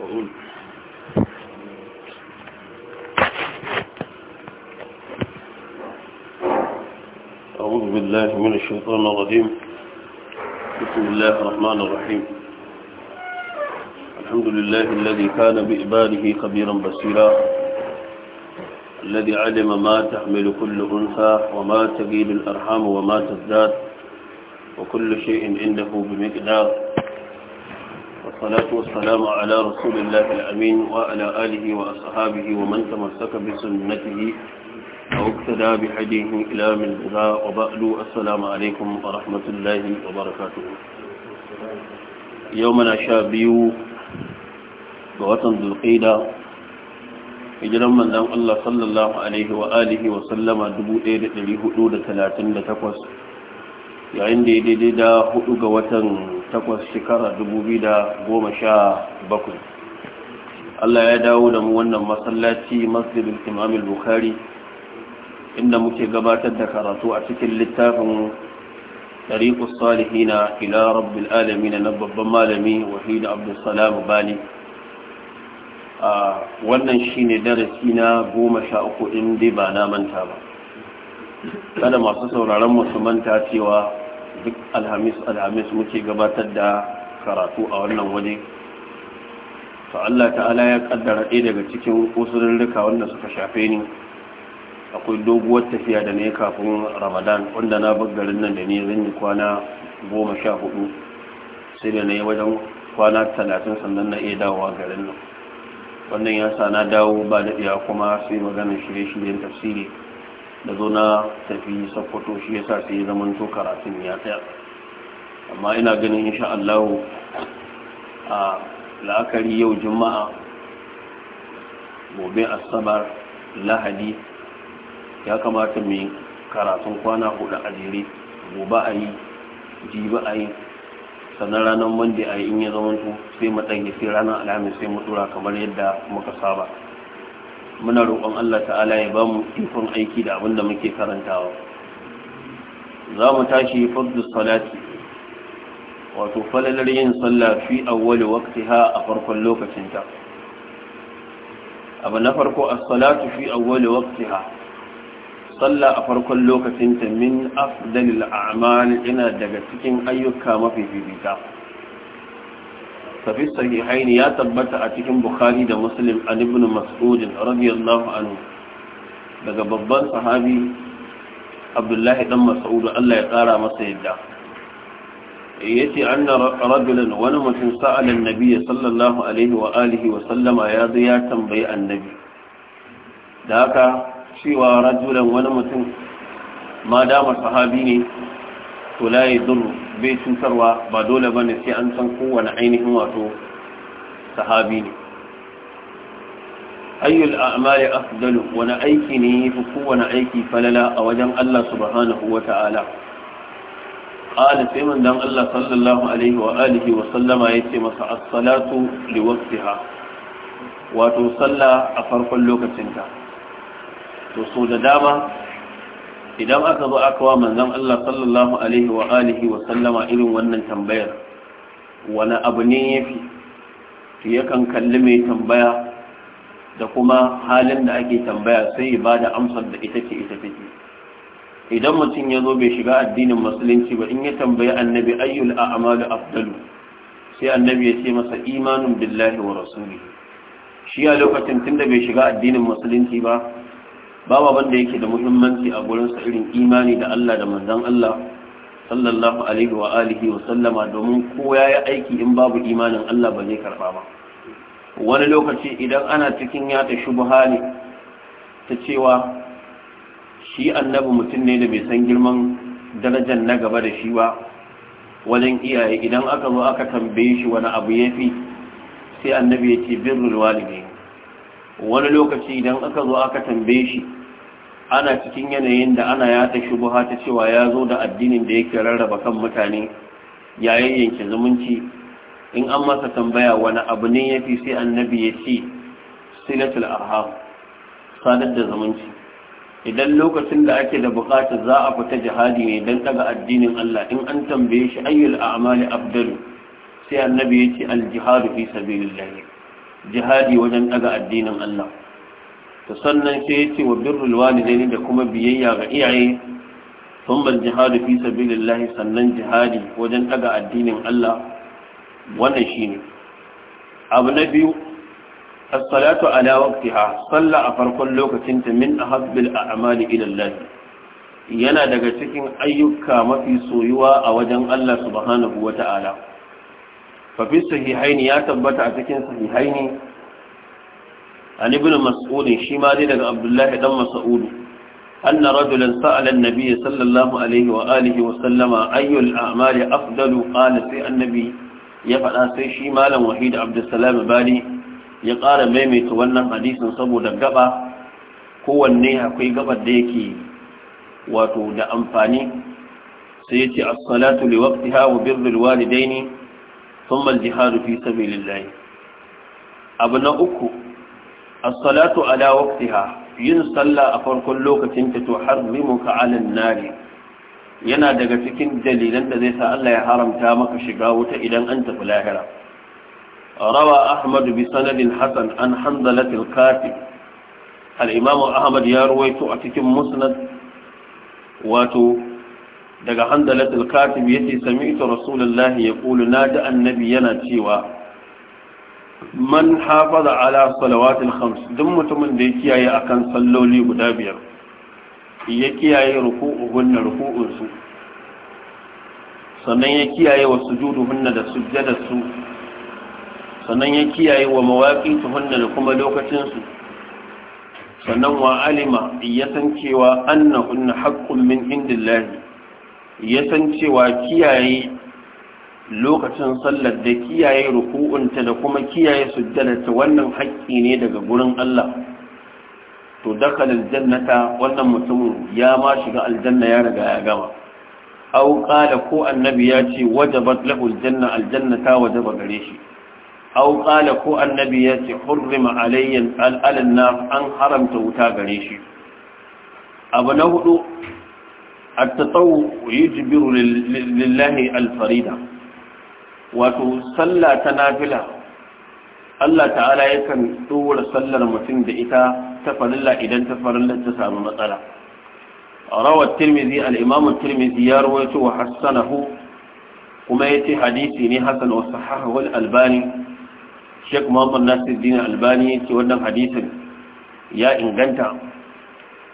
وأقول أعوذ بالله من الشيطان الرجيم بسم الله الرحمن الرحيم الحمد لله الذي كان بإباده خبيرا بصيرا الذي علم ما تحمل كل أنثى وما تقيل الأرحام وما تزداد وكل شيء عنده بمقدار والصلاة والسلام على رسول الله الأمين وعلى آله وأصحابه ومن تمسك بسنته أو اقتدى بحديه إلى من غذاء وبألو السلام عليكم ورحمة الله وبركاته يومنا شابيو بوطن ذو القيدة hijiran manzon Allah sallallahu alaihi wa alihi wa sallama 1438 yayin da ya daidai da hudu ga watan takwas shekara bakwai. Allah ya dawo da mu wannan masallaci masjidul imam al-bukhari inda muke gabatar da karatu a cikin littafin tariqus salihina ila rabbil alamin na babban malami wahid abdul salam bani a wannan shine darasi na uku din da ba na manta ba kada masu sauraron musu manta cewa duk alhamis alhamis muke gabatar da karatu a wannan waje to Allah ta'ala ya kaddara ɗaya daga cikin rika wanda suka shafe ni akwai doguwar tafiya da ne kafin ramadan wanda na bar garin nan da ne zan yi kwana goma sha hudu sai da na yi wajen kwana talatin sannan na iya dawowa garin nan wannan yasa na dawo ba da iya kuma sai maganar shirye-shiryen tafsiri da zo na tafi sokoto shi yasa sai ya zama to karatun ya tsaya amma ina ganin insha Allah a la'akari yau juma'a gobe asabar lahadi ya kamata mai karatun kwana hudu a jere gobe a yi jibi a yi sannan ranar monday a yi in ya zama to sai mu ɗage sai ranar alhamis sai mu tura kamar yadda muka saba muna roƙon Allah ta'ala ya ba mu ikon aiki da abinda muke karantawa za mu tashi faddu salati wato falalar yin sallah fi awwali waqtiha a farkon lokacinta abu na farko as-salatu fi awwali waqtiha sallah a farkon lokacinta min afdalil a'mal ina daga cikin ayyuka mafi fifita ففي الصحيحين يا تبت أتكم بخاري دا مسلم عن ابن مسعود رضي الله عنه daga babban sahabi abdullahi dan mas'udu Allah ya kara masa yadda yace anna rajulan wani mutum sa'ala annabi sallallahu alaihi wa alihi wa sallama ya zo ya tambayi annabi da haka cewa rajulan wani mutum ma dama sahabi ne to la bai cutarwa ba dole bane sai an san kowane ainihin wato sahabi ne ayyul a'mali afdalu wani aiki ne fi kowane aiki falala a wajen Allah subhanahu wa ta'ala qala sai manzon Allah sallallahu alaihi wa alihi wa sallama yace masa as-salatu li wato sallah a farkon lokacinta to so da dama idan aka zo aka wa manzon Allah sallallahu alaihi wa alihi wa sallama irin wannan tambayar wani abu ne yafi to yakan kalli mai tambaya da kuma halin da ake tambaya sai ya bada amsar da ita ce ita take idan mutum ya zo bai shiga addinin musulunci ba in ya tambayi annabi ayyul a'malu afdalu sai annabi ya ce masa imanun billahi wa rasulihi shi a lokacin tunda bai shiga addinin musulunci ba babu abin da yake da muhimmanci a gurin sa irin imani da Allah da manzon Allah sallallahu alaihi wa alihi wa sallama domin ko yayi aiki in babu imanin Allah ba zai karba ba wani lokaci idan ana cikin yata shubha ne ta cewa shi annabi mutum ne da bai san girman darajar na gaba da shi ba wajen iyaye idan aka zo aka tambaye shi wani abu yafi sai annabi ya ce birrul walidain wani lokaci idan aka zo aka tambaye shi ana cikin yanayin da ana yata shubuha ta cewa ya zo da addinin da yake rarraba kan mutane yayin yanke zumunci in an masa tambaya wani abu ne ya fi sai annabi ya ce silatul arham sadar da zumunci idan lokacin da ake da bukata za a fita jihadi ne don daga addinin Allah in an tambaye shi ayyul a'mali abdalu sai annabi ya ce al jihadu fi sabilillah jihadi wajen daga addinin Allah ta sannan sai ya ce wa birrul walidaini da kuma biyayya ga iyaye sun bal jihadu fi sabilillahi sannan jihadi wajen daga addinin Allah wannan shine abu na biyu as-salatu ala waqtiha salla a farkon lokacin ta min ahabbil a'mali ila Allah yana daga cikin ayyuka mafi soyuwa a wajen Allah subhanahu wata'ala fafi sahihaini ya tabbata a cikin sahihaini an ibn mas'ud shi ma daga abdullahi dan mas'ud anna rajulan sa'ala an-nabiy sallallahu alaihi wa wa sallama ayyul a'mali afdalu qala sai annabi ya faɗa sai shi malam wahid abdussalam bali ya ƙara maimaita wannan hadisin saboda gaba kowanne akwai gabar da yake wato da amfani sai ya ce as-salatu li waqtiha wa birrul walidaini ثم الجهاد في سبيل الله yin sallah a على وقتها ينصلى har اللوكة تحرمك على النار yana daga cikin dalilan da zai sa Allah ya haramta maka shiga wuta idan an tafi lahira rawa ahmad bi sanadin hasan an hanzalat al-katib al-imam ahmad ya ruwaito a cikin musnad wato daga handalatul katib yace sami'tu rasulullahi yaqulu nadi annabi yana cewa man hafaza ala salawatil khams duk mutumin da ya kiyaye akan salloli guda biyar ya kiyaye ruku'uhun ruku'un su sannan ya kiyaye wa hunna da su. sannan ya kiyaye wa hunna da kuma lokacin su sannan wa alima ya san cewa annahunna haqqun min indillahi ya san cewa kiyaye lokacin sallar da kiyaye ruku'unta da kuma kiyaye sujjadarta wannan haƙƙi ne daga gurin Allah to dakhala jannata, wannan mutumin ya ma shiga aljanna ya riga ya gama aw qala ko annabi ya ce wajabat lahu aljanna aljannata wajaba gare shi aw qala ko annabi ya ce hurrima alayya alannar an haramta wuta gare shi abu na hudu A التطوع يجبر لله الفريدة wato sallah ta nafila Allah ta'ala yakan dora sallar mutum da ita ta farilla idan ta farilla ta samu matsala rawat tirmidhi al-imam tirmidhi ya rawaito wa hasanahu kuma yace hadisi ne hasan wa sahaha wal albani shek muhammad nasiruddin albani yace wannan hadisin ya inganta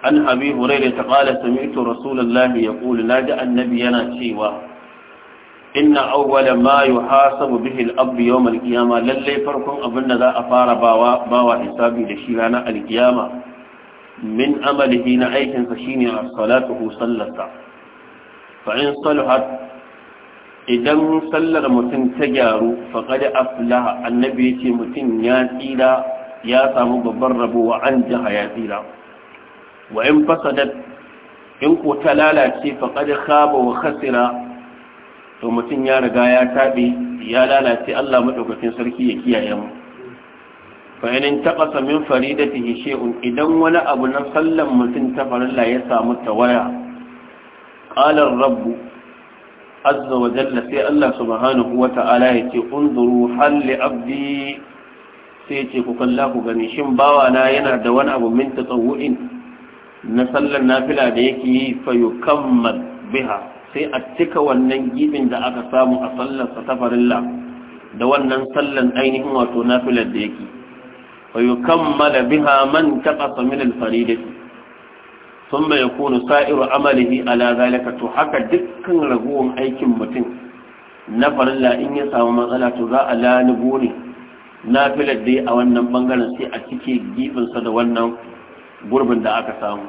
an abi hurairah ta qala sami'tu rasulullahi na ji annabi yana cewa inna awwala ma yuhasabu bihi al-abd yawm al-qiyamah lalle farkon abin da za a fara bawa bawa hisabi da shi ranar al-qiyama min amalihi na aikin sa shine salatuhu sallata fa in salahat idan sallar mutum ta gyaru faqad aflaha annabi yace mutum ya tsira ya samu babban rabo wa an jaha ya tsira wa in fasadat in ku ta lalace faqad khaba wa khasira to mutum ya riga ya tabe ya lalace Allah madaukakin sarki ya kiyaye mu fa in taqasa min faridatihi shay'un idan wani abu na sallan mutum ta farilla ya samu tawaya waya. ar-rabb azza wa jalla sai Allah subhanahu wa ta'ala yace unzuru hal abdi sai ce ku kalla ku gani shin bawana yana da wani abu min tatawu'in na sallar nafila da yake yi fayukammal biha sai a cika wannan gibin da aka samu a sallar sa tafarilla da wannan sallar ainihin wato nafilar da yake fayukammala biha man taqasa min al-faridati ثم يكون سائر عمله على ذلك to haka dukkan ragowar aikin mutum na farilla in ya samu matsala to za a lanugo ne na filar dai a wannan bangaren sai a cike gifinsa da wannan gurbin da aka samu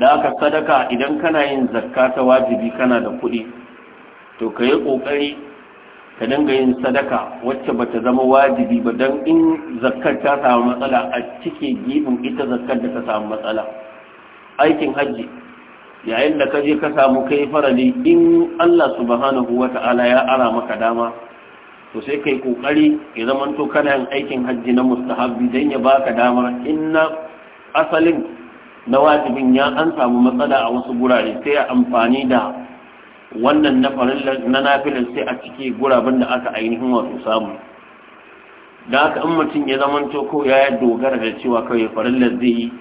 da aka sadaka idan kana yin zakka ta wajibi kana da kuɗi to ka yi ƙoƙari ka dinga yin sadaka wacce bata zama wajibi ba don in zakkar ta samu matsala a cike gibin ita zakkar da ta samu matsala aikin hajji yayin da ka je ka samu kai farali in Allah subhanahu wata'ala ya ara maka dama to sai kai kokari ya zamanto kana yin aikin hajji na mustahabbi dan ya baka damar inna asalin na wajibin ya an samu matsala a wasu gurare sai a amfani da wannan na farin na sai a cike guraben da aka ainihin wato samu da haka in mutum ya to ko ya dogara da cewa kawai farillar zai yi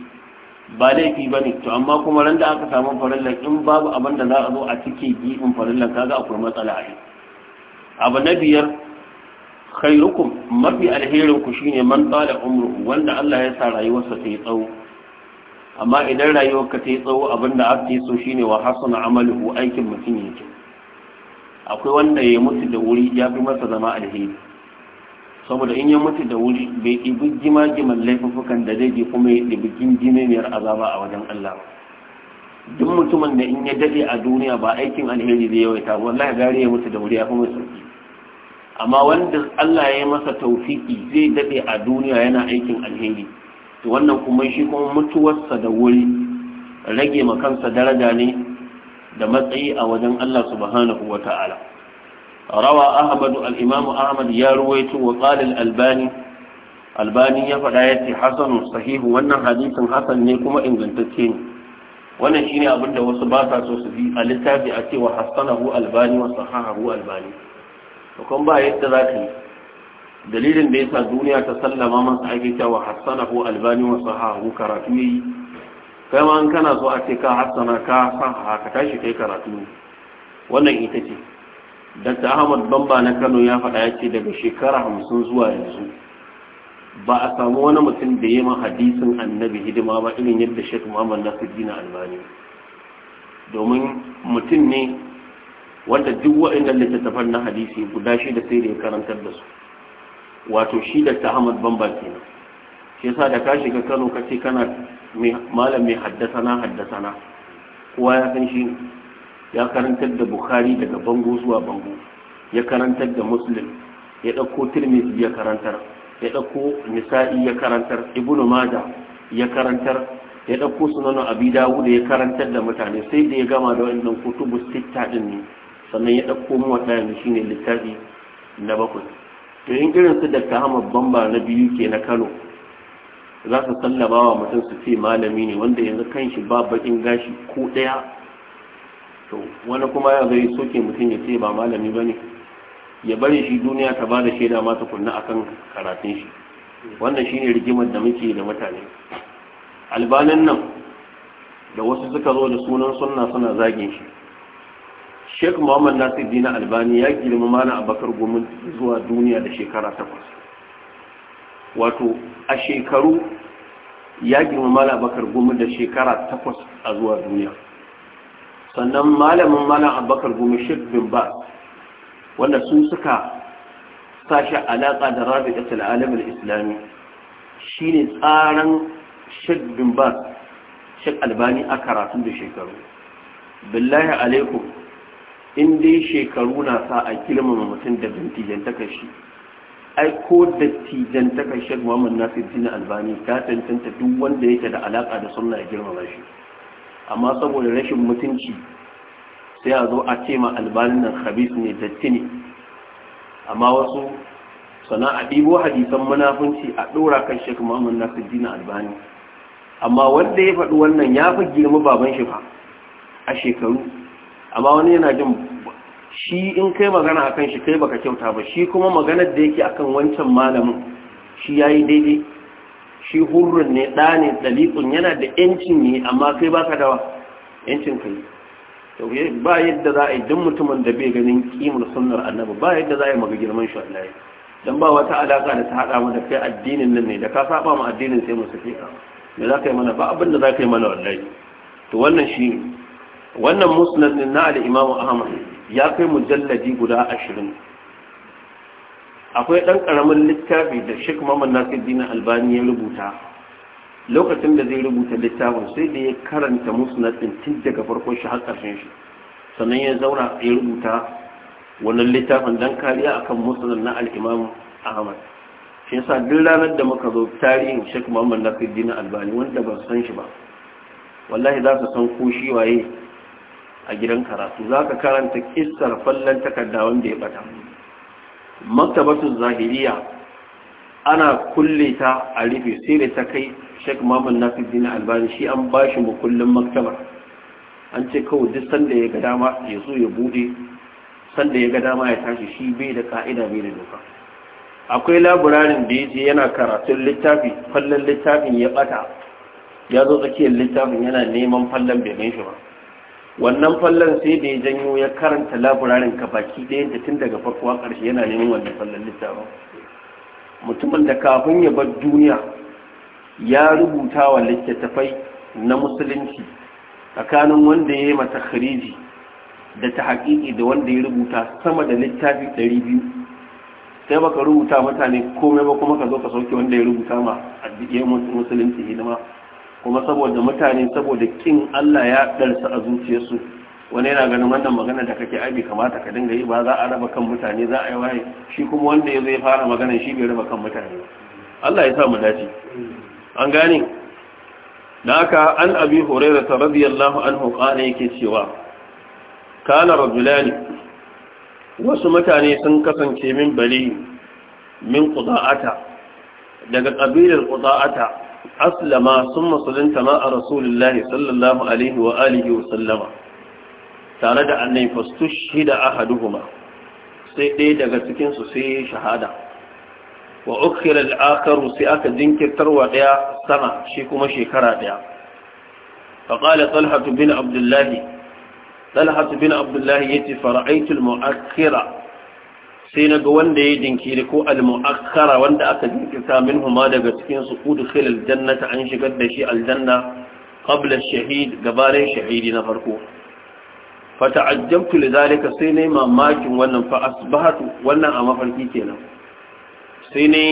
ba laifi ba ne to amma kuma ran da aka samu farillar in babu abin da za a zo a cike gifin farillar kaga akwai matsala a abu na biyar khairukum mafi alherinku shine man tsala umru wanda Allah ya sa rayuwarsa ta yi tsawo amma idan rayuwarka ta yi tsawo abin da aka yi so shine wa hasuna amaluhu aikin mutum yake akwai wanda ya mutu da wuri ya fi masa zama alheri saboda in ya mutu da wuri bai ibi jimagi giman laifukan da zai je kuma ya ibi gingimemiyar azaba a wajen Allah duk mutumin da in ya daɗe a duniya ba aikin alheri zai yawaita wallahi gari ya mutu da wuri ya fi masa sauki amma wanda Allah ya yi masa taufiki zai dade a duniya yana aikin alheri wannan kuma shi kuma mutuwarsa da wuri rage ma kansa daraja ne da matsayi a wajen Allah subhanahu wa ta'ala rawa ahmadu al-imam ahmad ya ruwaito wa qala al-albani albani ya faɗa yace hasan sahihu wannan hadisin hasan ne kuma ingantacce ne wannan shine abin da wasu ba sa so su bi a littafi a cewa hasanahu albani wa sahahahu albani to kun ba yadda za ka yi dalilin da yasa duniya ta sallama masa ake cewa ko albani wa sahahu karatu yayi kai ma kana so a ce ka hassana ka saha ka tashi kai karatu wannan ita ce Dr. Ahmad Bamba na Kano ya faɗa ya ce daga shekara hamsin zuwa yanzu ba a samu wani mutum da yi hadisin annabi hidima ba irin yadda Sheikh Muhammad Nasiruddin Albani domin mutum ne wanda duk waannan littattafan na hadisi guda shida sai da ya karantar da su wato shi da ta Ahmad Bamba kenan shi yasa da ka shiga Kano ka ce kana malam mai haddasana haddasana kowa ya san shi ya karantar da Bukhari daga bango zuwa bango ya karantar da Muslim ya ɗauko Tirmidhi ya karantar ya ɗauko Nisa'i ya karantar Ibn Majah ya karantar ya ɗauko sunanin abi dawud ya karantar da mutane sai da ya gama da wannan kutubu sitta ɗin ne sannan ya ɗauko mu wata yanzu shine littafi na bakwai to yin irin su da Ahmad Bamba na biyu ke na Kano za su sallama wa mutum su ce malami ne wanda yanzu kan shi ba bakin gashi ko ɗaya to wani kuma ya zai soke mutum ya ce ba malami ba ne ya bari shi duniya ta ba da shaida masu kunna kan karatun shi wannan shi ne rigimar da muke da mutane albanin nan da wasu suka zo da sunan sunna suna zagin shi Sheikh Muhammad Nasir Dina Albani ya girma mana Abakar Gomin zuwa duniya da shekara takwas. Wato a shekaru ya girma mana Abakar Gomin da shekara takwas a zuwa duniya. Sannan malamin mana Abakar Gomin Sheikh bin Ba wanda sun suka sashi alaƙa da rabi'atul alamin islami shine tsarin Sheikh bin Ba Sheikh Albani a karatun da shekaru. Billahi alaikum in dai shekaru na sa a girmama mutum da ta kashi ai ko dattijantaka shek muhammad nasir dina albani ta tantanta duk wanda yake da alaka da suna ya girmama shi amma saboda rashin mutunci sai a zo a ce ma albani nan khabis ne datti ne amma wasu sana a ɗibo hadisan munafunci a ɗora kan shek muhammad nasir dina albani amma wanda ya faɗi wannan ya fi girma baban shi fa a shekaru amma wani yana jin shi in kai magana akan shi kai baka kyauta ba shi kuma maganar da yake akan wancan malamin shi yayi daidai shi hurrun ne ɗa ne ɗaliƙun yana da ‘yancin ne amma kai baka dawa ‘yancin kai ba yadda za a yi don mutumin da bai ganin ƙimar sunnar annabi ba yadda za a yi maga girman shi wallahi dan ba wata alaka da ta haɗa mu da kai addinin nan ne da ka saba mu addinin sai mu sake ka me za ka yi mana ba abin za ka yi mana wallahi to wannan shi wannan musnad din na al Ahmad ya kai mujalladi guda ashirin. akwai ɗan karamin littafi da Sheikh Muhammad Nasiruddin Albani ya rubuta lokacin da zai rubuta littafin sai da ya karanta musnad din tun daga farkon shi har shi sannan ya zauna ya rubuta wannan littafin dan kariya akan musnad na al-Imam Ahmad shi yasa duk ranar da muka zo tarihin Sheikh Muhammad Nasiruddin Albani wanda ba san shi ba wallahi za su san ko shi waye a gidan karatu za ka karanta kistar fallon takarda wanda ya bata Maktabatun zahiriya ana kulle ta a rufe sai da ta kai shek mamman nasiruddin albani shi an ba shi mukullin maktabar an ce kawai duk sanda ya ga dama ya zo ya bude sanda ya ga dama ya tashi shi bai da ka'ida bai da doka akwai laburarin da ya je yana karatun littafi fallon littafin ya bata ya zo tsakiyar littafin yana neman fallon bai gan shi ba wannan fallon sai da ya janyo ya karanta laburaren ka baki ɗaya da tun daga farko a ƙarshe yana neman wannan fallon littafin mutumin da kafin ya bar duniya ya rubuta wa littattafai na musulunci tsakanin wanda ya yi mata khariji da ta haƙiƙi da wanda ya rubuta sama da littafi ɗari biyu sai baka rubuta mutane komai ba kuma ka zo ka sauke wanda ya rubuta ma a musulunci hidima kuma saboda mutane saboda kin Allah ya ɗarsa a zuciyarsu wani yana ganin wannan magana da kake abi kamata ka dinga yi ba za a raba kan mutane za a yi waye shi kuma wanda ya zai fara magana shi bai raba kan mutane Allah ya sa mu dace an gane da haka an abi hurairah radiyallahu anhu qala yake cewa kana rajulani wasu mutane sun kasance min bali min quda'ata daga kabilar quda'ata aslama sun musulunta ma a rasulullahi sallallahu alaihi wa alihi wa sallama tare da annai fastushida ahaduhuma sai ɗaya daga cikinsu sai shahada wa ukhira al-akharu sai aka jinkirtarwa daya sama shi kuma shekara ɗaya. fa qala bin Abdullahi, talha bin abdullah yati sai na ga wanda ya jinkiri ko al-mu'akkara wanda aka jinkirta min huma daga cikin su kudu khilal jannata an shigar da shi aljanna qabla shahid gabanin shahidi na farko fata'ajjabtu lidhalika sai nayi mamakin wannan fa asbahatu wannan a mafarki kenan sai ne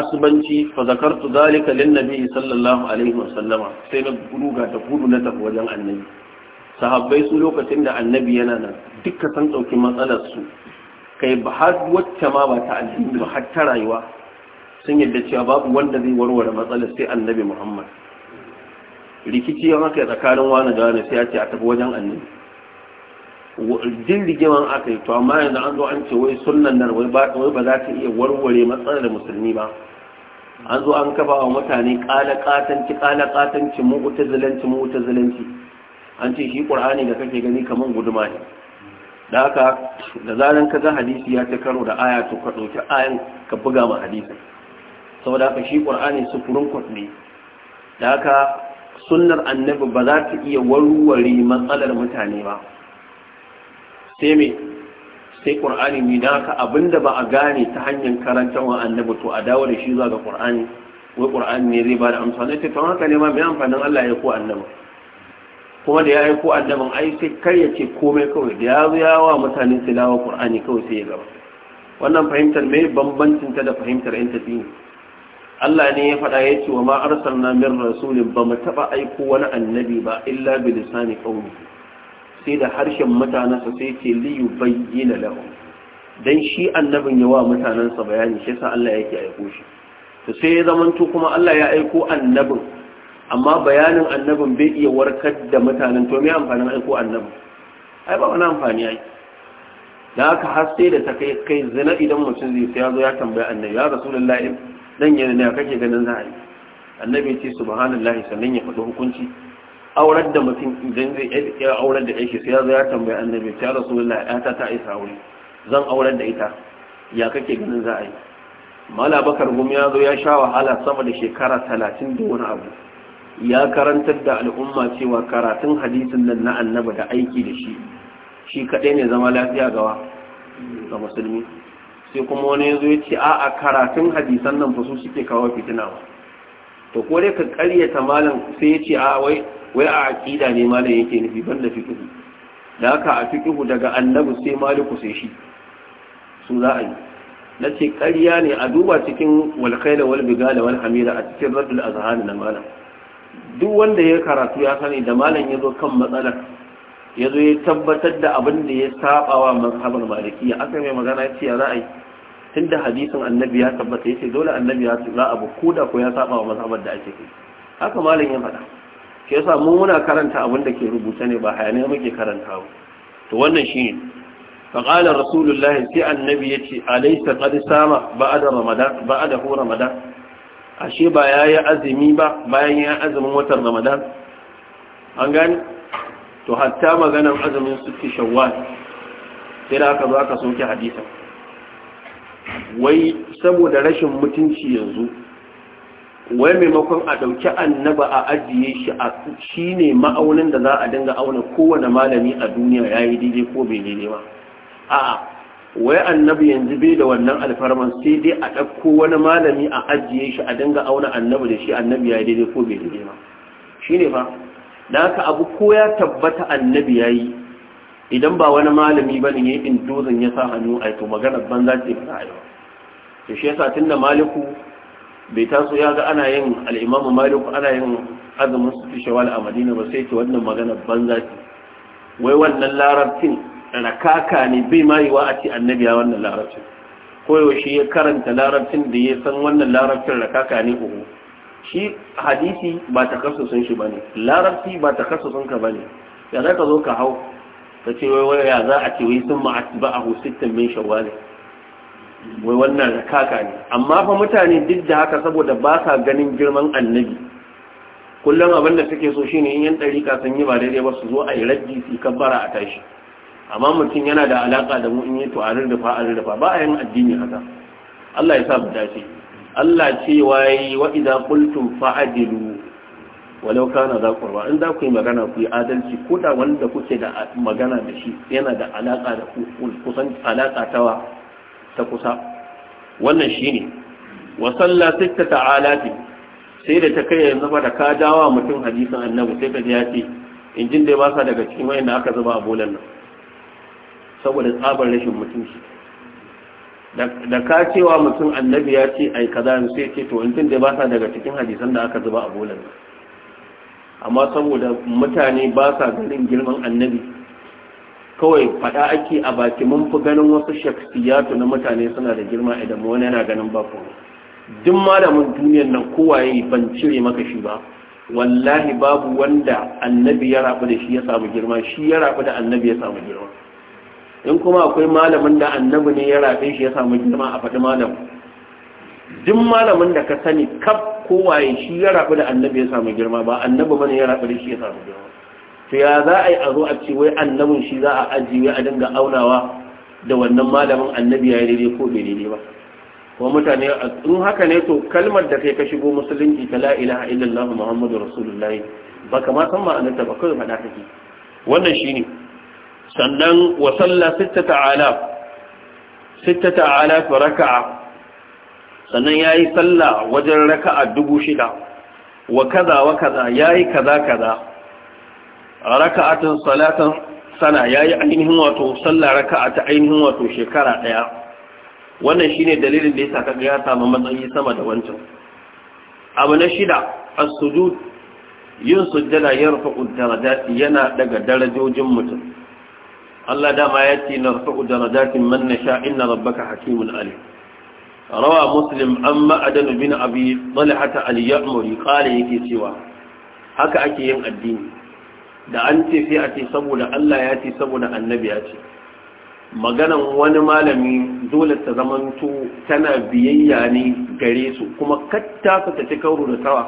asbanci fa zakartu dhalika lin nabi sallallahu alaihi sallama, sai na guruga ta kudu na tafi wajen annabi sahabbai su lokacin da annabi yana nan duka san dauki matsalar su kai har wacce ma ba ta addini ba har ta rayuwa sun yadda cewa babu wanda zai warware matsalar sai annabi muhammad rikici ya maka tsakanin wani da wani sai ya ce a tafi wajen annabi jin rigiman aka yi to amma yanzu an zo an ce wai sunnan nan wai ba za ta iya warware matsalar musulmi ba an zo an kaba wa mutane kalakatanci kalakatanci mu utazilanci mu utazilanci an ce shi qur'ani da kake gani kaman guduma ne da haka da zaran ka ga hadisi ya ta karo da aya to ka ɗauki ayan ka buga ma hadisin saboda haka shi ƙur'ani sufurin kwaɗi da haka sunnar annabi ba za ta iya warware matsalar mutane ba sai me sai ƙur'ani ne da haka abinda ba a gane ta hanyar wa annabi to a dawo da shi zuwa ga ƙur'ani wai ƙur'ani ne zai ba da amsa ne ta haka ne ma mai amfanin allah ya ko annabi kuma da ya aiko annabin ai sai kar ya ce komai kawai da ya zo ya wa mutane tilawa qur'ani kawai sai ya gaba wannan fahimtar mai bambancin ta da fahimtar yan tafiya Allah ne ya faɗa ya ce wa ma arsalna min rasulin ba mu taɓa aiko wani annabi ba illa bi lisani qaumi sai da harshen mutanansa sai ce li yubayyana lahum dan shi annabin ya wa mutanensa bayani shi sa Allah yake aiko shi to sai ya zamanto kuma Allah ya aiko annabin amma bayanin annabin bai iya warkar da mutanen to me amfanin aiko annabin ai ba wani amfani ai da aka haske da ta kai kai zina idan mutum zai ya zo ya tambaya annabi ya rasulullahi dan yana ne kake ganin za a yi annabi ce subhanallahi sannan ya faɗi hukunci aurar da mutum idan zai iya aurar da yake sai ya zo ya tambaya annabi ya rasulullahi ya ta ta isa aure zan aurar da ita ya kake ganin za a yi mala bakar gumi ya zo ya sha wahala sama da shekara talatin da wani abu ya karantar da al'umma cewa karatun hadisin nan na annaba da aiki da shi shi kaɗai ne zama lafiya gawa ga musulmi sai kuma wani ya zo ya ce a'a karatun hadisan nan fa su suke kawo fitina ba to ko dai ka ƙaryata malam sai ya ce a wai wai a aƙida ne malam yake nufi banda fiqhu da haka a fiqhu daga annabi sai maliku sai shi su za a yi na ce ƙarya ne a duba cikin walƙaila wal bigala wal hamira a cikin radul azhar na malam duk wanda ya karatu ya sani da malam ya zo kan matsalar ya zo ya tabbatar da abin da ya saba wa mazhabar malikiya aka mai magana ya ce ya ra'ayi tun da hadisin annabi ya tabbata ya ce dole annabi ya za abu ko da ko ya saba wa mazhabar da ake kai haka malam ya faɗa Ke yasa mu muna karanta abin da ke rubuta ne ba hayaniya muke ba to wannan shine فقال rasulullahi الله annabi yace alaysa qad sama ba'da ramadan ba'da hu ramadan ashe ba ya yi azumi ba bayan ya azumin watan ramadan an gani to hatta maganar azumin suke shawwal sai da aka zo aka soke hadisan wai saboda rashin mutunci yanzu wai maimakon a ɗauki annaba a ajiye shi a shi ne ma'aunin da za a dinga auna kowane malami a duniya ya yi daidai ko bai daidai ba a'a wai annabi yanzu bai da wannan alfarman sai dai a ɗauko wani malami a ajiye shi a dinga auna annabi da shi annabi ya yi daidai ko bai daidai ba shi ne fa da haka abu ko ya tabbata annabi ya yi idan ba wani malami ba ne ya yi dozin ya sa hannu a to ban za ce ba a yi ba shi yasa tunda maliku bai taso ya ga ana yin al'imamu maliku ana yin azumin su fi shawal a madina ba sai ce wannan maganar za ce wai wannan larabcin rakaka ne bai ma yiwa a ce annabi ya wannan larabcin koyaushe ya karanta larabcin da ya san wannan larabcin rakaka ne uku shi hadisi ba ta sun shi ba ne larabci ba ta sun ka ba ne ya za ka zo ka hau ka ce wai ya za a ce wai sun ma'ati ba a husittin min shawali wai wannan rakaka ne amma fa mutane duk da haka saboda ba sa ganin girman annabi kullum abin da suke so shine in yan ɗariƙa sun yi ba daidai ba su zo a yi rajji su kabbara a tashi amma mutum yana da alaka da mu'in in yi a da ba a yin addini haka Allah ya sa mu dace Allah ce yi wa idan kultum fa'adilu walau kana za qurba in za ku yi magana ku yi adalci ko da wanda kuke da magana da shi yana da alaka da kusan alaka tawa ta kusa wannan shi ne wa salla sittata alati sai da ta kai yanzu da ka dawa mutum hadisin annabi sai ka ji ya ce injin dai ba sa daga cikin da aka zuba a bolan nan saboda tsabar rashin mutunci da ka cewa mutum annabi ya ce ai kaza sai ce to in da ba sa daga cikin hadisan da aka zuba a bolan amma saboda mutane ba sa ganin girman annabi kawai faɗa ake a baki mun fi ganin wasu shakhsiyatu na mutane suna da girma idan wani yana ganin ba duk malamin duniyar nan kowaye ban cire maka shi ba wallahi babu wanda annabi ya rabu da shi ya samu girma shi ya rabu da annabi ya samu girma in kuma akwai malamin da annabi ne ya rafe shi ya samu girma a faɗi malam duk malamin da ka sani kaf kowaye shi ya rafe da annabi ya samu girma ba annabi bane ya rafe da shi ya samu girma to ya za a yi a zo a ce wai annabin shi za a ajiye a dinga aunawa da wannan malamin annabi ya yi daidai ko bai daidai ba kuma mutane in haka ne to kalmar da kai ka shigo musulunci ta la ilaha illallah muhammadu rasulullahi ba kama san ma'anarta ba kawai faɗa kake wannan shine sannan wa salla sittata alaf raka'a sannan yayi salla wajen raka'a dubu shida wa kaza wa kaza yayi kaza kaza raka'atun salatan sana yayi ainihin wato salla raka'a ta ainihin wato shekara daya wannan shine dalilin da yasa saka ya samu matsayi sama da wancan abu na shida as-sujud yin sujjada yarfa'u darajat yana daga darajojin mutum Allah dama ya ce na rufu darajatin man nasha inna rabbaka hakimun Ali. rawa muslim an ma'adan bin abi talhata ali yamuri qala yake cewa haka ake yin addini da an ce sai a ce saboda Allah ya ce saboda annabi ya ce maganan wani malami dole ta zamanto tana biyayya ne gare su kuma katta ta ci kauro da tawa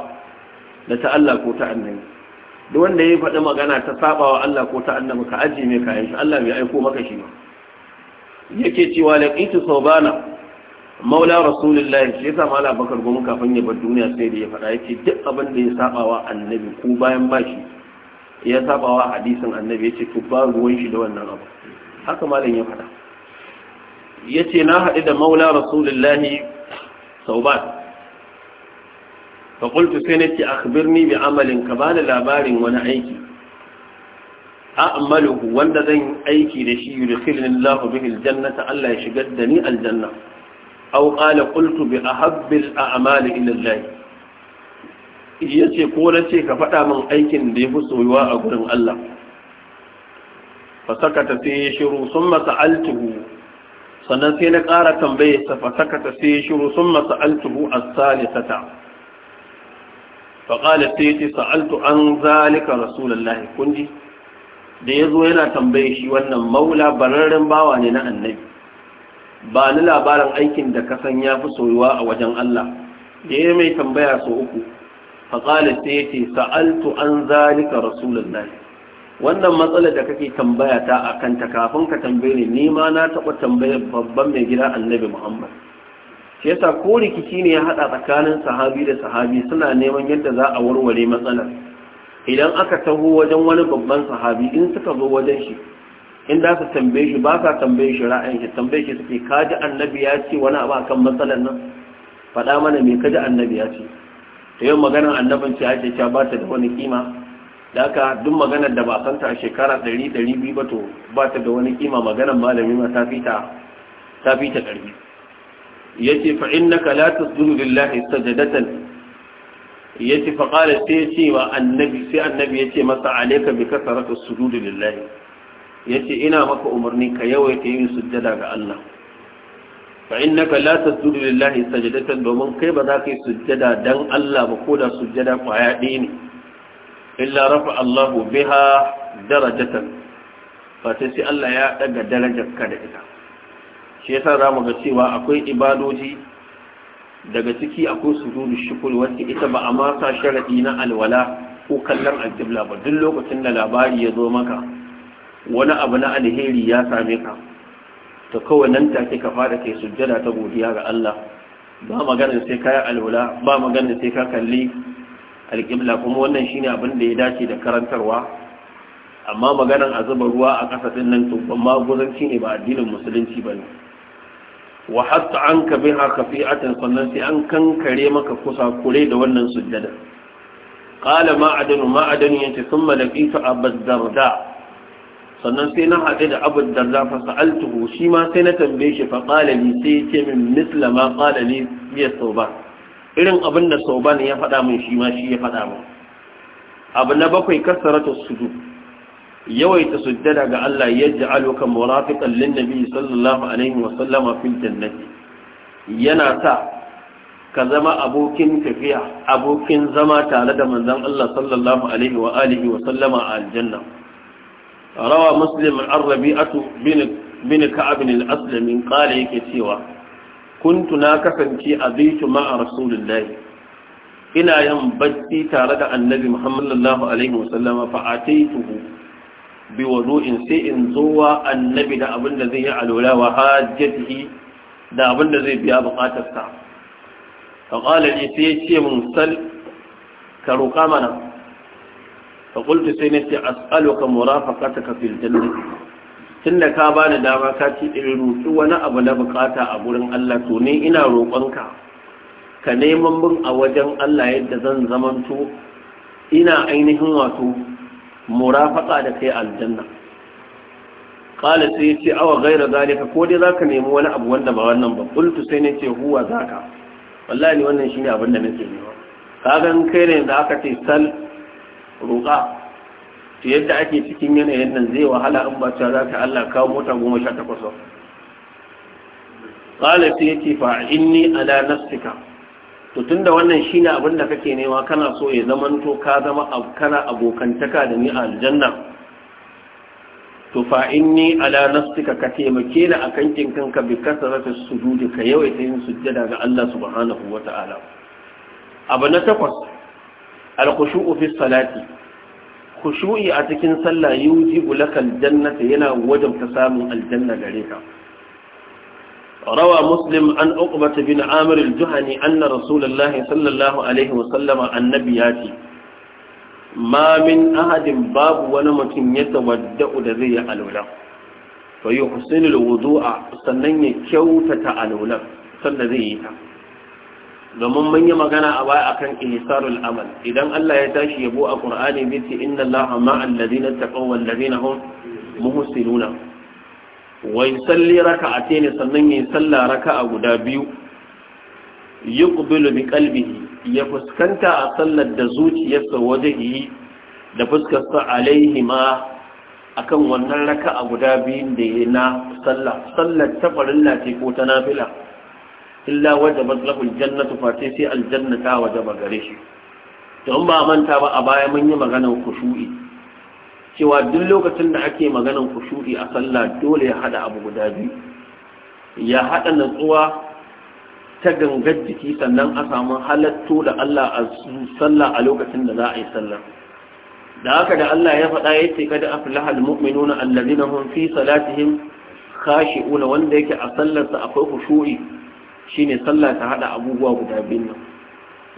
da ta Allah ko ta annabi duk wanda ya faɗi magana ta sabawa wa Allah ko ta annabi ka aji mai kayan shi Allah bai aiko maka shi ba yake cewa laqitu saubana maula rasulullahi shi yasa mala bakar gomu kafin ya bar duniya sai da ya faɗa yake duk abin da ya saba wa annabi ko bayan bashi ya saba wa hadisin annabi yace to ba ruwan shi da wannan abu haka malam ya faɗa yace na haɗu da maula rasulullahi sauban fa qultu sai nace birni bi amalin ka ba bani labarin wani aiki a'maluhu wanda zan yi aiki da shi yudkhilni Allahu bihi aljannata Allah ya shiga da ni aljanna aw qala qultu bi ahabbil a'mali ila Allah yace ko nace ka faɗa min aikin da yafi soyuwa a gurin Allah fa sakata sai ya shiru summa sa'altuhu sannan sai na ƙara tambaye sa fa sakata sai ya shiru summa sa'altuhu as-salisata faƙala sai ya ce sa'altu an zalika rasulallahi kundi da ya zo yana tambaye shi wannan maula bararren bawa ne na annabi ba ni labarin aikin da kasan ya fi soyuwa a wajen Allah da ya mai tambaya sau uku faƙalis sai ya sa'altu an zalika rasulun wannan matsalar da kake tambaya ta a kanta kafin ka tambaye ni ma na taɓa tambayar babban mai gida annabi muhammad shi yasa ko rikici ne ya hada tsakanin sahabi da sahabi suna neman yadda za a warware matsalar idan aka taho wajen wani babban sahabi in suka zo wajen shi in da su tambaye shi ba sa tambaye shi ra'ayin shi tambaye shi suke kaji annabi ya ce wani abu akan matsalar nan faɗa mana me kaji annabi ya ce to yau maganar annabin ce ake ta ba ta da wani kima da ka duk maganar da ba san ta a shekara 100 200 ba to ba ta da wani kima maganar malami ma ta fita ta ƙarfi ce fa innaka la tasjudu lillahi sajadatan yace fa qala Ya ce wa annabi sai annabi yace masa alayka bi kasratu sujudi lillahi ce ina maka umarni ka yawaita yin sujjada ga Allah fa innaka la tasjudu lillahi sajadatan domin kai ba za ka yi sujjada dan Allah ba ko da sujjada kwaya ɗaya ne illa rafa Allahu biha darajatan fa sai Allah ya daga darajar ka da ita shi yasa za mu ga cewa akwai ibadoji daga ciki akwai sujudu shukul wacce ita ba a masa sharaɗi na alwala ko kallon aljibla ba duk lokacin da labari ya zo maka wani abu na alheri ya same ka to kawai nan take ka fara kai sujjada ta godiya ga Allah ba maganar sai ka alwala ba maganar sai ka kalli alƙibla kuma wannan shine abin da ya dace da karantarwa amma maganar a zuba ruwa a ƙasa ɗin nan to amma guzanci ne ba addinin musulunci ba ne wa hatta an ka a kafi'atan sannan sai an kankare maka kusa kure da wannan sujjada qala ma adanu ma adanu yace thumma laqitu sannan sai na haɗu da abu darda fa sa'altuhu shi ma sai na tambaye shi fa qala li sai yace min misla ma qala li ya sauban irin abin da sauban ya faɗa min shi ma shi ya faɗa min abu na bakwai kasaratu sujud yawaita sujjada ga Allah yaj'aluka murafiqan lin-nabi sallallahu alaihi wa sallama fil jannati yana sa ka zama abokin tafiya abokin zama tare da manzon Allah sallallahu alaihi wa alihi wa sallama a aljanna rawa muslim ar-rabi'atu bin bin ka'ab al-aslami qala yake cewa kuntu na kasance a zaitu ma'a rasulullahi ina yin bacci tare da annabi muhammad sallallahu alaihi wa sallama fa ataytuhu bi in sai in zowa annabi da abin da zai yi alula wa hajjatihi da abin da zai biya bukatarsa fa qala li sai ya ce mun sal ka roƙa mana fa kulti sai nace as'aluka murafaqataka fil jannah tunda ka bani dama ka ci in roƙi wani abu na bukata a gurin Allah to ne ina roƙonka ka neman bin a wajen Allah yadda zan zamanto ina ainihin wato murafaka da kai aljanna qala sai yace awa gaira zalika ko dai zaka nemi wani abu wanda ba wannan ba qultu sai nace huwa zaka wallahi ni wannan shine abin da nake nema kaga in kai ne da aka ce sal ruqa to yadda ake cikin yanayin nan zai wahala in ba ta zaka Allah kawo mota 18 qala sai yace fa inni ala nafsika to tunda wannan shine abin da kake nema kana so ya zamanto ka zama kana abokantaka da ni a aljanna to fa inni ala nafsika ka taimake ni akan kin kanka bi kasarata sujudi ka yawaita yin sujjada ga Allah subhanahu wata'ala abu na takwas al-khushu'u fi salati khushu'i a cikin sallah yujibu lakal jannata yana wajabta samun aljanna gare ka روى مسلم عن عقبة بن عامر الجهني أن رسول الله صلى الله عليه وسلم النبيات ما من أحد باب ونمت يتودأ لذي ألولا فيحسن الوضوء سنن كوتة ألولا سنذيتا domin mun yi magana a baya akan ihsarul amal idan Allah ya tashi yabo a Qur'ani bi inna Allaha ma'al ladina taqaw wal ladina hum muhsinuna Wai wa yusalli raka'atayn sannan yayi sallah raka'a guda biyu yuqbilu bi qalbihi ya fuskanta a sallar da zuciyarsa waje yi da fuskarsa alaihi ma akan wannan raka'a guda biyun da ya na sallar. sallar ta farilla ce ko ta nafila illa waje lahu jannatu fa sai aljannata wajaba gare shi to in ba manta ba a baya mun yi maganar kushu'i cewa duk lokacin da ake maganan kushu'i a sallah dole ya hada abu guda biyu ya hada natsuwa ta gangar jiki sannan a samu halatto da Allah a sallah a lokacin da za a yi sallah da haka da Allah ya faɗa ya ce kada aflahal mu'minuna allazina hum fi salatihim khashi'una wanda yake a sallarsa akwai kushu'i shine sallah ta hada abubuwa guda biyu nan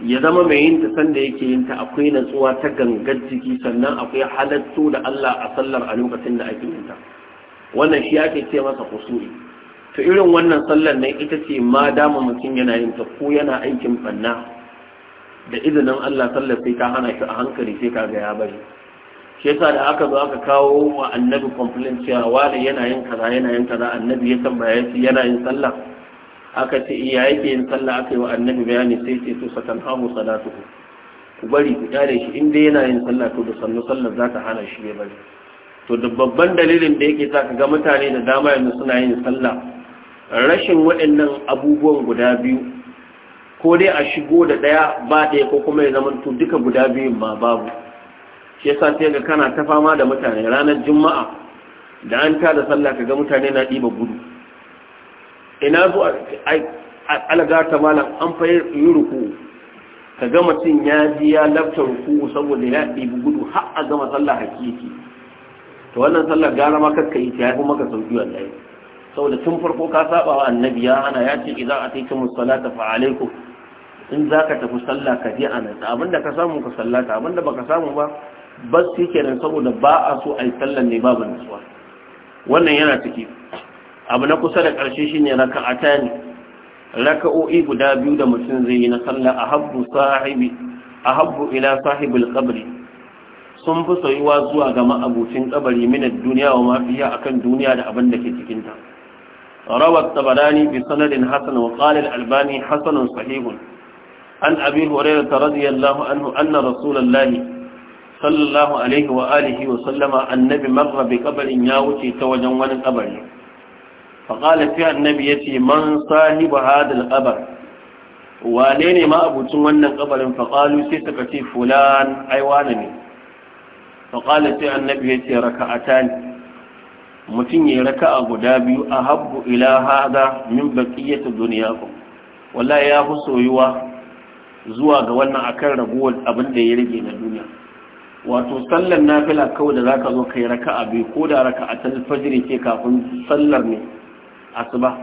ya zama mai yin ta sanda yake yin ta akwai natsuwa ta gangar jiki sannan akwai halattu da Allah a sallar a lokacin da ake yin ta wannan shi ake ce masa kusuri to irin wannan sallar nan ita ce ma dama mutum yana yin ta ko yana aikin banna da izinin Allah sallar sai ka hana shi a hankali sai ka ga ya bari shi yasa da aka zo aka kawo wa annabi complaint cewa wani yana yin kaza yana yin kaza annabi ya tambaya yana yin sallah aka ce iya yake yin sallah aka yi wa annabi bayani sai ce to satan hamu salatu ku bari ku kyale shi inda yana yin sallah to da sannu sallar za ta hana shi ya bari to da babban dalilin da yake sa ka ga mutane da dama yanzu suna yin sallah rashin waɗannan abubuwan guda biyu ko dai a shigo da ɗaya ba ɗaya ko kuma ya zama to duka guda biyu ma babu shi yasa sai ga kana ta fama da mutane ranar juma'a da an da sallah ka ga mutane na ɗiba gudu ina zo a algata malam an fayar yi ruku ka ga cin ya ji ya lafta ruku saboda ya ɗibi gudu har a gama sallah hakiki to wannan sallar gara ma kakka yi ya yafi maka sauki wallahi saboda tun farko ka saba wa annabi ya ana ya ce idan a taita musallata fa alaikum in za ka tafi sallah ka je a nan abinda ka samu ka sallata abinda baka samu ba bas shi kenan saboda ba a so a yi sallan ne babu nasuwa wannan yana ciki abu na kusa da ƙarshe shi ne raka a raka'ata ne O'i guda biyu da mutum zai yi na sallah ahabbu sahibi ahabbu ila sahibul qabri sun fi soyuwa zuwa ga ma'abucin kabari min ad-dunya wa mafiya a kan duniya da abin da ke cikinta. Rawar rawa tabarani bi sanadin Hassan wa qala albani Hassanun sahihun an abi hurairah radiyallahu anhu anna rasulullahi sallallahu alaihi wa alihi wa sallama annabi marra bi kabarin ya wuce ta wajen wani kabari faƙala annabi ya ce man sahiba hadal ƙabar wane ne ma abucin wannan ƙabarin faƙalu sai suka ce fulan aiwana ne annabi ya ce ta ne mutum ya raka'a guda biyu a habbu ila hada min baƙiyyata duniyakum wallahi ya fi soyuwa zuwa ga wannan akan raguwar abin da ya rage na duniya wato sallar nafila kawai da zaka zo kai raka'a biyu ko da raka'a ta fajiri ke kafin sallar ne asuba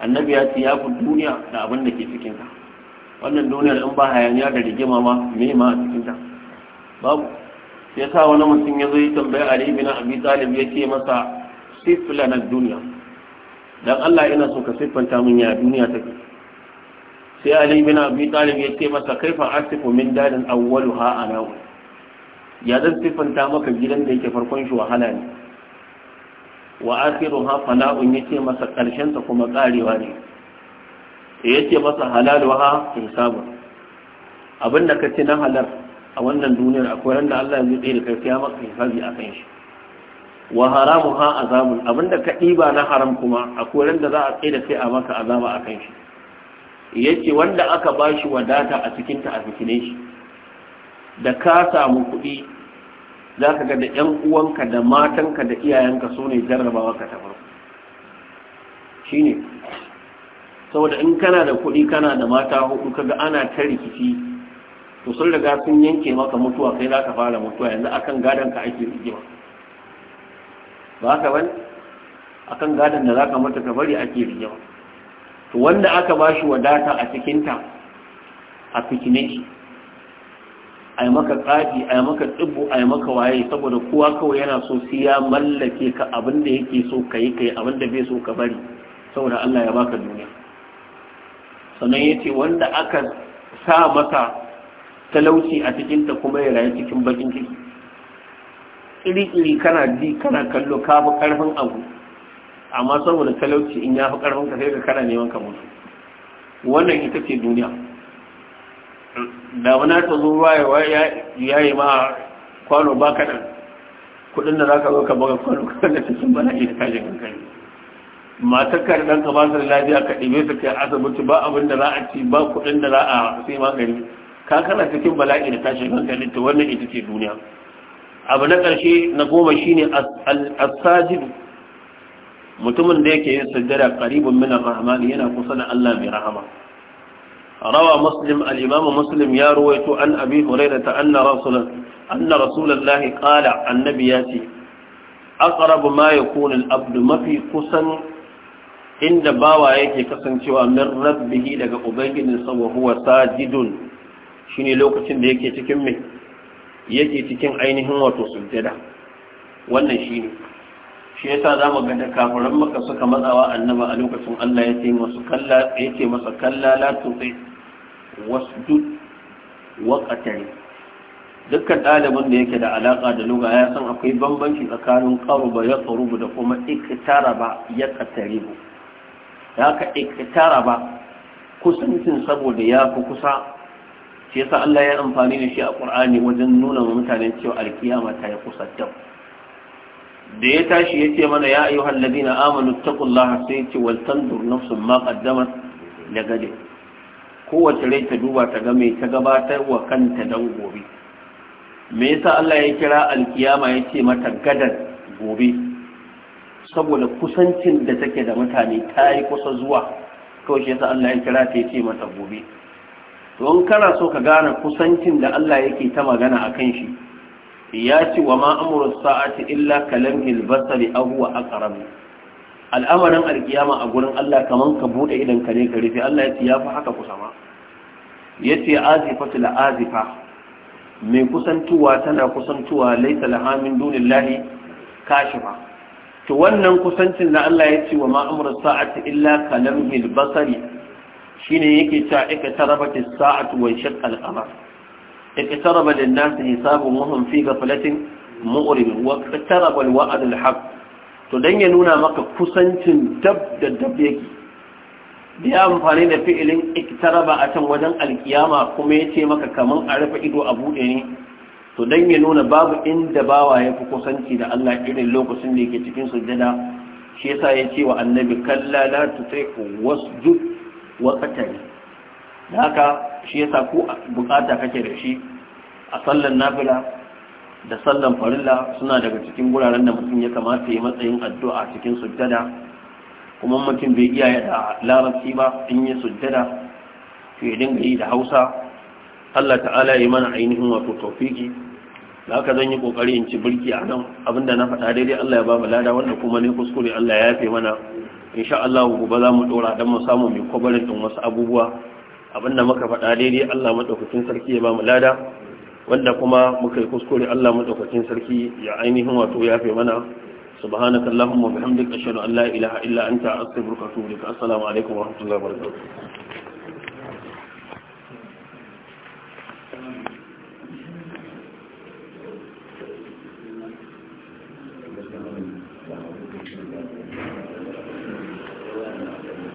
annabi ya ce ya fi duniya da abin da ke cikinta wannan duniyar in ba hayaniya da rigima ma me ma a cikinta babu ya sa wani mutum ya zo yi tambaya Ali bin Abi Talib ya ce masa sifla na duniya dan Allah ina so ka siffanta min ya duniya take sai Ali bin Abi Talib ya ce masa kaifa asifu min dalin awwaluha ana ya zan siffanta maka gidan da yake farkon shi wahala ne wa akhiru ha ya yace masa karshen ta kuma karewa ne yace masa halalu ha hisabu abinda kace na halal a wannan duniyar akwai da Allah zai tsaye da kai ya maka a akan shi wa haramu ha azabun abinda ka diba na haram kuma akwai da za a tsaye da kai a maka azaba akan shi yace wanda aka bashi wadata a cikin ta a cikin shi da ka samu kuɗi za ka ga da 'yan uwanka da matanka da iyayenka su ne jarrabawa ka ta farko shi ne saboda in kana da kuɗi kana da mata hudu kaga ana ta rikici to sun riga sun yanke maka mutuwa kai za ka fara mutuwa yanzu akan gadon ka ake rigima ba haka bane akan gadon da za ka mata ka bari ake ba. to wanda aka ba shi wadata a cikinta a fikine shi a yi maka tsafi a maka tsibbu ai maka waye saboda kowa kawai yana so sai ya mallake ka abin da yake so ka yi kai abin da bai so ka bari saboda Allah ya baka duniya sannan ya ce wanda aka sa masa talauci a cikinta kuma ya rayu cikin bakin ciki iri-iri kana ji kana kallo ka fi karfin abu amma saboda talauci in ya fi karfin ka sai ka kana neman ka mutu wannan ita ce duniya wani ta zo ruwa ya yi ma kwano ba kaɗan kudin da za ka zo ka baga kwano kan da cikin bana iya kajin kankani matar ka ɗan ka ba su da lafiya ka ɗibe su kai asibiti ba abin da za a ci ba kudin da za a sai magani ka kana cikin bala'i da tashin hankali to wannan ita ce duniya abu na ƙarshe na goma shine as-sajid mutumin da yake yin sujjada qaribun min ar-rahman yana kusa da Allah mai rahama روى مسلم الإمام مسلم يا رويت عن أبي هريرة أن رسول أن رسول الله قال عن نبياتي أقرب ما يكون الأبد ما في inda bawa yake kasancewa min rabbihi daga ubangijinsa wa huwa sajidun shine lokacin da yake cikin cikin ainihin wato sujjada wannan shine shi sa za mu ga da kafiran maka suka matsawa annaba a lokacin Allah ya ce masa kalla ya ce masa kalla la tuti wasjud wa qatari dukkan ɗalibin da yake da alaƙa da luga ya san akwai bambanci tsakanin qaruba ya qarubu da kuma iktaraba ya qataribu haka iktaraba kusancin saboda ya fi kusa shi yasa Allah ya amfani da shi a Qur'ani wajen nuna wa mutanen cewa alkiyama ta yi kusa da ya tashi ya ce mana ya ayyuhal ladina amanu taqullaha sai ce wal tanzur nafsun ma qaddamat da gade kowace rai ta duba ta ga mai ta gabatar wa kanta dan gobe me yasa Allah ya kira alkiyama ya ce mata gadar gobe saboda kusancin da take da mutane ta yi kusa zuwa kawai shi yasa Allah ya kira ta ya ce mata gobe don kana so ka gane kusancin da Allah yake ta magana a kan shi ya ci wa ma amurin sa'ati illa kalan hilbasari abuwa a ƙarami al'amarin alkiyama a gurin Allah kaman ka buɗe idan ka ne ka rufe Allah ya ce ya fi haka kusa ma ya ce azifa tula azifa mai kusantuwa tana kusantuwa laita lahamin dunin lahi kashifa to wannan kusancin da Allah ya ce wa ma amurin sa'ati illa kalamhil basari shine yake ta ika tarabata sa'atu wa shaqqal qamar اقترب للناس حسابهم وهم في غفلة مؤرم واقترب الوعد الحق to dan ya nuna maka kusancin dab da dab yake amfani da fi'ilin iktaraba a can wajen alkiyama kuma yace maka kaman a rufe ido a buɗe ne to dan ya nuna babu inda bawa ya fi kusanci da Allah irin lokacin da yake cikin sujada shi yasa yace wa annabi kalla la wasu wasjud wa qatali da haka shi yasa ko bukata kake da shi a sallan nafila da sallan farilla suna daga cikin guraren da mutum ya kamata ya matsayin addu'a cikin sujjada kuma mutum bai iya da larabci ba in yi sujjada to ya dinga yi da hausa Allah ta'ala ya mana ainihin wato tofiki da haka zan yi kokari in ci birki a nan abinda na faɗa daidai Allah ya ba mu lada wanda kuma ne kuskure Allah ya yafe mana insha Allah gobe za mu dora dan mu samu mai kwabarin ɗin wasu abubuwa abinda muka faɗa daidai Allah madaukakin sarki ya ba mu lada wanda kuma muka yi kuskure Allah madaukakin sarki ya ainihin wato ya fi mana subhanakallahumma bihamdika ashhadu an la ilaha illa anta astaghfiruka wa atubu ilaik assalamu alaikum wa rahmatullahi wa barakatuh